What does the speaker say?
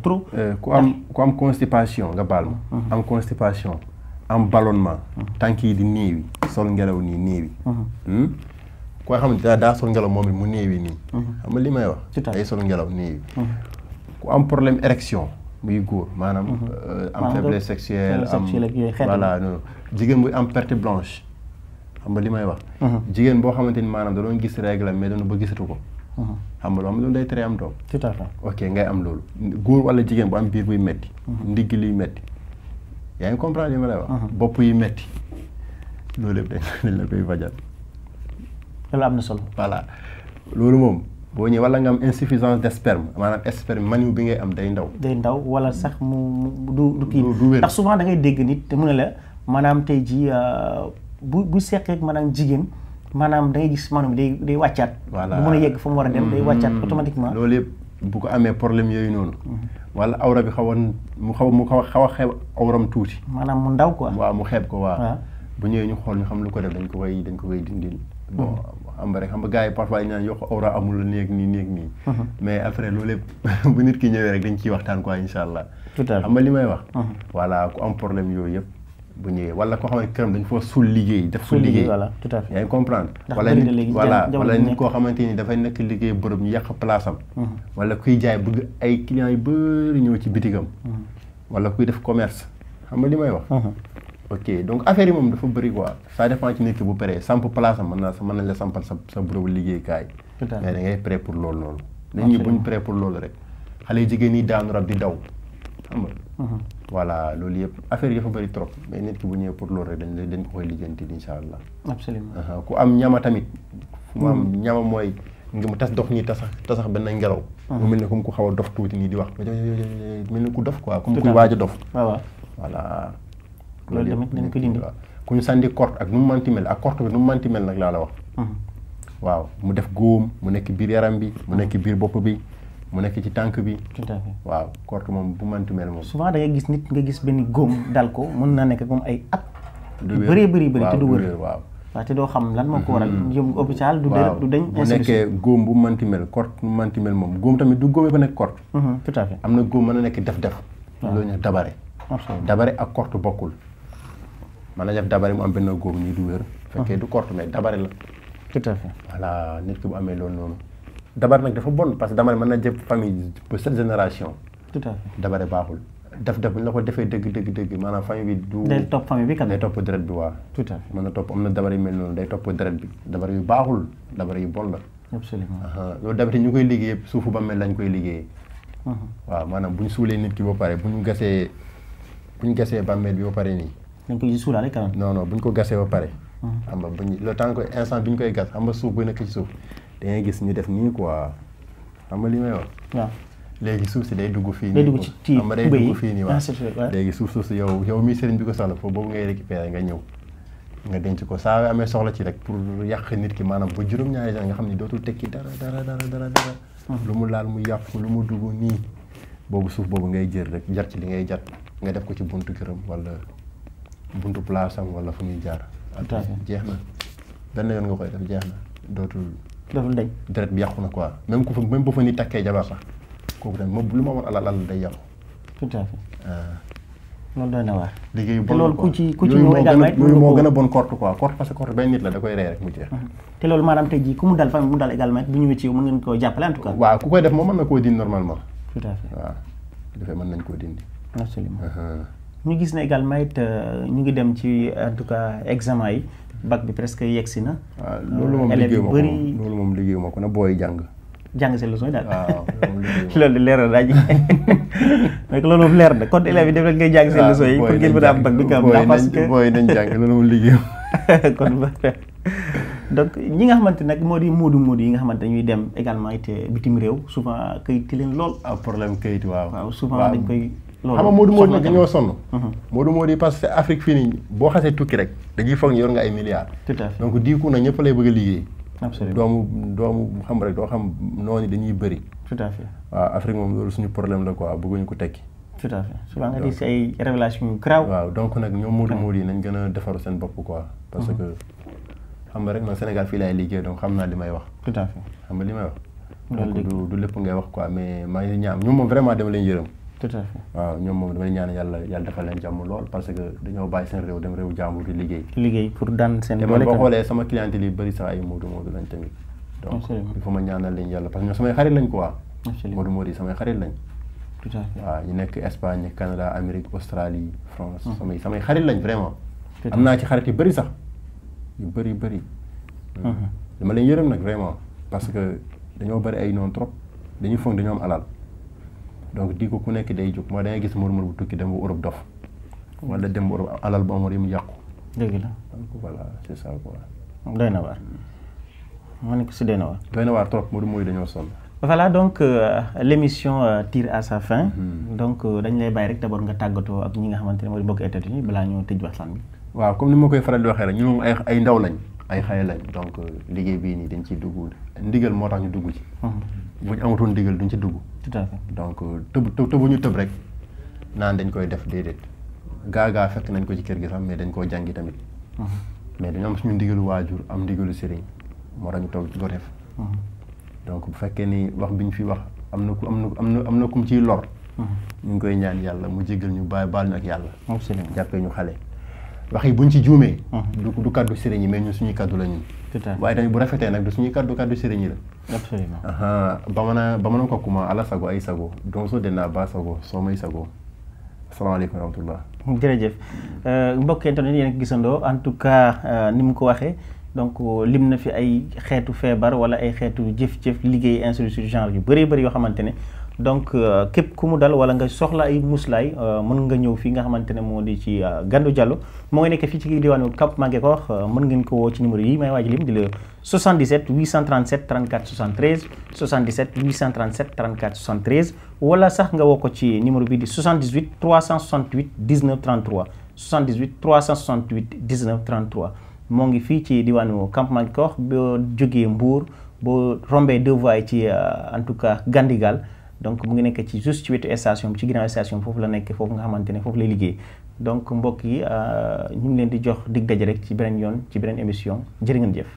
trop euh, ku am ku am constipation nga baal mhm. am constipation am ballonnement mhm. tanki yi di néewi sol ngelaw nii néewi mhm. hmm? koo xam da daa sol ngelaw moom mu néewi ni xam nga li may wax ay sol ngelaw néewi ku am problème érection muy goor manam euh, am faiblesse sexuelle am voilà non jigéen bu am perte blanche xam nga li may wax jigéen bo xamante manam da doon gis règle mais doon ba gisatu ko Uh-huh. xam nga loolu day tere am doom. tout à fait ok ngay am loolu. góor wala jigéen bu am biir buy metti uh-huh. ndigg liy metti yaa ngi comprendre li ma uh-huh. bopp yi metti loolu yëpp dañ la koy fajal. loolu na solo. voilà loolu moom. boo ñëwee wala nga am insuffisance de sperme maanaam sperme maniw bi ngay am day ndaw. day ndaw wala sax mu du du kii. ndax souvent da dégg nit te mu ne la maanaam tey jii euh, bu bu seqee ak maanaam jigéen. maanaam da ngay gis maanaam day day wàccaat. voilà du mën a yegg fa mu war a dem day wàccaat mm-hmm. automatiquement. loolu yëpp bu ko amee problème yooyu noonu. Mm-hmm. wala awra bi xaw a mu xaw mu xaw a xeeb awram tuuti. maanaam mu ndaw ko waaw mu xeeb ko waaw. bu ñëwee ñu xool ñu xam lu ko def dañ ko koy dañ ko koy dindil. bon mm-hmm. am ba rek xam nga gars yi a ñu naan yokk awra amul néeg nii néeg nii. mais après loolu yëpp bu nit ki ñëwee rek dañ ciy waxtaan quoi incha allah. tout xam nga li may wax. voilà ku am problème yooyu yëpp. bu ñëwee wala koo xam ne këram dañ foo sul liggéey def sul liggéey voilà tout à fait yaa ngi comprendre wala voilà wala nit koo xamante ni dafay nekk liggéey bërëb ñu yàq place am mhm. wala kuy jaay bëgg ay client yu bëri ñëw ci bitigam mhm. wala kuy def commerce xam nga li may wax mhm. ok donc affaire yi moom dafa bëri quoi ça dépend ci nit ki bu paree samp place am mën naa mën nañ la sampal sa sa bërëbu liggéeykaay mais da ngay prêt pour loolu loolu nit ñi buñ prêt pour loolu rek xale jigéen ñi daanu rab di daw xam nga voilà loolu yëpp affaire yi dafa bari trop mais nit ki bu ñëwee pour loolu rek dañ dañ ko koy lijjanti incha allah. absolument ku am ñama tamit. fu mu hmm. am ñama mooy nga mu tas dox nii tasax tasax benn ngelaw. Hmm. mu mel ne comme ku xaw a dof tuuti nii di wax mel ne ku dof quoi. comme ku waaj a dof. Ah waaw voilà. loolu tamit dañ ko dindi ku ñu sànni corde ak nu mu manti mel ak corde bi nu mu manti mel nag laa la wax. Hmm. waaw mu def góom mu nekk biir yaram bi mu nekk biir bopp bi. mu nekk ci tànk bi. waaw kort moom bu mantu mel moom. souvent da ngay gis nit nga gis benn góom dal ko mën naa nekk moom ay at. du wér bëree bëri te du wér waaw. waaw te doo xam lan moo ko waral. jëm mm-hmm. hôpital du dër du dañ. bu nekkee góom bu manti mel kort bu manti mel moom góom tamit du góomee ba nekk kort. Mm-hmm, tout am na góom mën na nekk def-def. waaw loolu ñu dabare. ak kort bokkul. mën a def dabare mu am benn góom nii du wér. Mm-hmm. fekkee du kort mais dabare la. tout à fait nit ki bu amee loolu noonu dabar nag dafa bon parce que dabar mën na jëf famille ba cette génération. tout à fait dabare baaxul. daf daf bu ñu la ko defee dëgg dëgg dëgg maanaam famille bi. du day topp famille bi kat day topp deret bi waa. tout topp am na dabar yu mel noonu day topp deret bi dabar yu baaxul dabar yu bon la. absolument loolu d'habitude ñu koy liggéey suufu ba mel lañ koy liggéeyee. waaw maanaam bu ñu suulee nit ki ba pare bu ñu gasee bu ñu gasee bàmmeel bi ba pare nii. dañ koy suulaale kanam. non non bu ñu ko gasee ba pare. xam nga bu ñu le temps que instant koy gas xam nga suuf bu nekk ci da gis ñu def nii quoi xam nga li may wax. waaw léegi suuf si day dugg fii. day dugg ci ci xam nga day dugg fii nii ah, waaw léegi suuf suuf si yow yow mii sëriñ bi ko soxla foofu boobu ngay récupérer nga ñëw. nga denc ko saa amee soxla ci rek pour yàq nit ki maanaam ba juróom-ñaari nga xam ne dootul tekki dara dara dara dara dara. Hmm. lu mu laal mu yàpp lu mu dugg nii. boobu suuf boobu ngay jël rek jar ci li ngay jar nga def ko ci buntu këram walla buntu place am wala fu muy jaar. jeex na benn yoon nga koy def jeex na dootul. daful dañ deret bi yàqu na quoi même ku fa même bu fa ni takkee jabar sax kooku tamit lu ma war alal alal day yàqu. tout à ah. loolu doy na liggéey bon loolu ku ci ku ci ñëw également yooyu moo gën a bon korte quoi korte parce que korte benn nit la da koy rey rek mu jeex. Mhm. te loolu maanaam tey jii ku mu dal fan mu dal également bu ñëwee ci yow mën ngeen koo jàppale en tout cas. waaw ku koy def moom mën na koo dindi normalement. tout à fait nañ koo dindi. absolument gis ne également it euh, ñu ngi dem ci en tout cas examen yi bac bi presque yegsi na. waaw ah, loolu moom euh, liggéey liggéeyu ma ko na booy jàng. jàng seen leçon yi daal waaw loolu leer na daa ji nag loolu moom leer na kon élèves yi def leen ngay ah, a am bag nga am parce que booy nañ jàng loolu moom liggéeyu kon moo di moodu yi nga xamante ñuy dem également it eh, bitim réew souvent kayit leen lool ah problème kayit waaw waaw souvent dañ koy loolu xam nga moodu moodu nag dañoo sonn moodu mhm. moodu yi parce que Afrique fii nii boo xasee tukki rek dañuy foog ñu yor nga ay milliards tout donc diiku nag ñëpp lay bëgg a liggéey absolument doomu doomu xam rek doo xam noonu dañuy bëri. tout à fait waaw Afrique moom loolu suñu problème la quoi bëgguñu ko tekki. tout à fait souvent nga gis ay révélation yu garaaw. waaw donc nag ñoom Modou Modou yi nañ gën a defaru seen bopp quoi. parce mm-hmm. que xam nga rek man Sénégal fii laay liggéey donc xam naa li may wax. tout xam nga li may wax. donc du du lépp ngay wax ko quoi mais maa ngi ñaam ñoom moom vraiment dem leen yërëm. tout waaw ñoom moom damay ñaan yàlla yàlla defal leen jàmm lool parce que dañoo bàyyi seen réew dem réew jàmbur di liggéey. liggéey pour daan seen. doole te man boo xoolee sama clientèle yi bëri sax ay Modou Modou lañ tamit. donc il faut ma ñaanal leen yàlla parce que ñoom samay xarit ñu nekk Espagne Canada Amérique Australie France. Mm. samay samay xarit lañ vraiment. am naa ci yu bëri sax yu bëri bëri. Mm-hmm. dama leen yërëm nag vraiment parce que dañoo bëri ay noonu trop dañuy foog dañoo am alal donc di ko ku nekk day jóg moo da ngay gis murmur bu tukki dem ba Europe dof wala dem ba Europe alal bu amoon yi mu yàqu. dëgg la donc voilà c'est ça quoi. doy na waar ma ne ko si doy na waar. doy na waar trop Modou mooy dañoo sonn. voilà donc euh, l'émission euh, fin. Mm-hmm. donc euh, dañ lay bàyyi rek d'abord nga tàggatoo ak ñi nga xamante ne mooy mbokk États-Unis balaa ñu tëj waxtaan comme ni ma koy faral di waxee rek ñun moom ay ay ndaw lañ ay xale lañ donc euh, liggéey bii nii dañ ciy dugg ndigal moo tax ñu dugg ci. Mm-hmm. bu ñu amatoon ndigal duñ ci dugg. tout à donc euh, tëb tëb ñu tëb rek naan dañ koy def déedéet gaa gaa fekk nañ ko ci kër gi sax mais dañ koo jàngi tamit. Mm-hmm. mais dañoo am suñu ndigalu waajur am ndigalu sëriñ moo tax ñu toog ci ko def. Mm-hmm. donc bu fekkee ni wax bi ñu fi wax am na ku am na am na am na ku mu ciy lor. Mm-hmm. ñu ngi koy ñaan yàlla mu jégal ñu baal baal ñu ak yàlla. jàppee ñu xale. wax yi buñ ci juumee. Ah. du du kaddu sëriñ yi mais ñun suñuy kaddu la ñun. waaye tamit bu rafetee nag du suñuy kaddu kaddu sëriñ yi la. absolument. ba bamana ko kuma ala sago ay sago donso de naa ba sago soo may sago asalaamaaleykum wa rahmatullah. jërëjëf euh, mbokk yi tamit yéen a gisandoo en tout cas euh, ni mu ko waxee. donc lim na fi ay xeetu feebar wala ay xeetu jëf-jëf liggéey institut genre yu bëree bëri yoo xamante ne donc euh, képp ku mu dal wala nga soxla ay muslaay euh, mën nga ñëw fii nga xamante ne moo di ci euh, Gandou Diallo moo ngi nekk fii ci diwaanu Cap Maguékor mën ngeen ko woo ci numéro yi may waaj lim di la 77 837 34 73 77 837 34 sax nga woo ko ci numéro bi di 78 368 19 33 78 368 19 33 ngi fii ci diwaanu Cap Maguékor boo jógee Mbour boo rombee deux ci en tout cas Gandigal donc mu ngi nekk ci juste ci wetu station bi ci ginnaaw station foofu la nekk foofu nga xamante ne foofu lay liggéey donc mbokk yi euh, ñu ngi leen di jox dig daje rek ci beneen yoon ci beneen émission jërë ngeen jëf.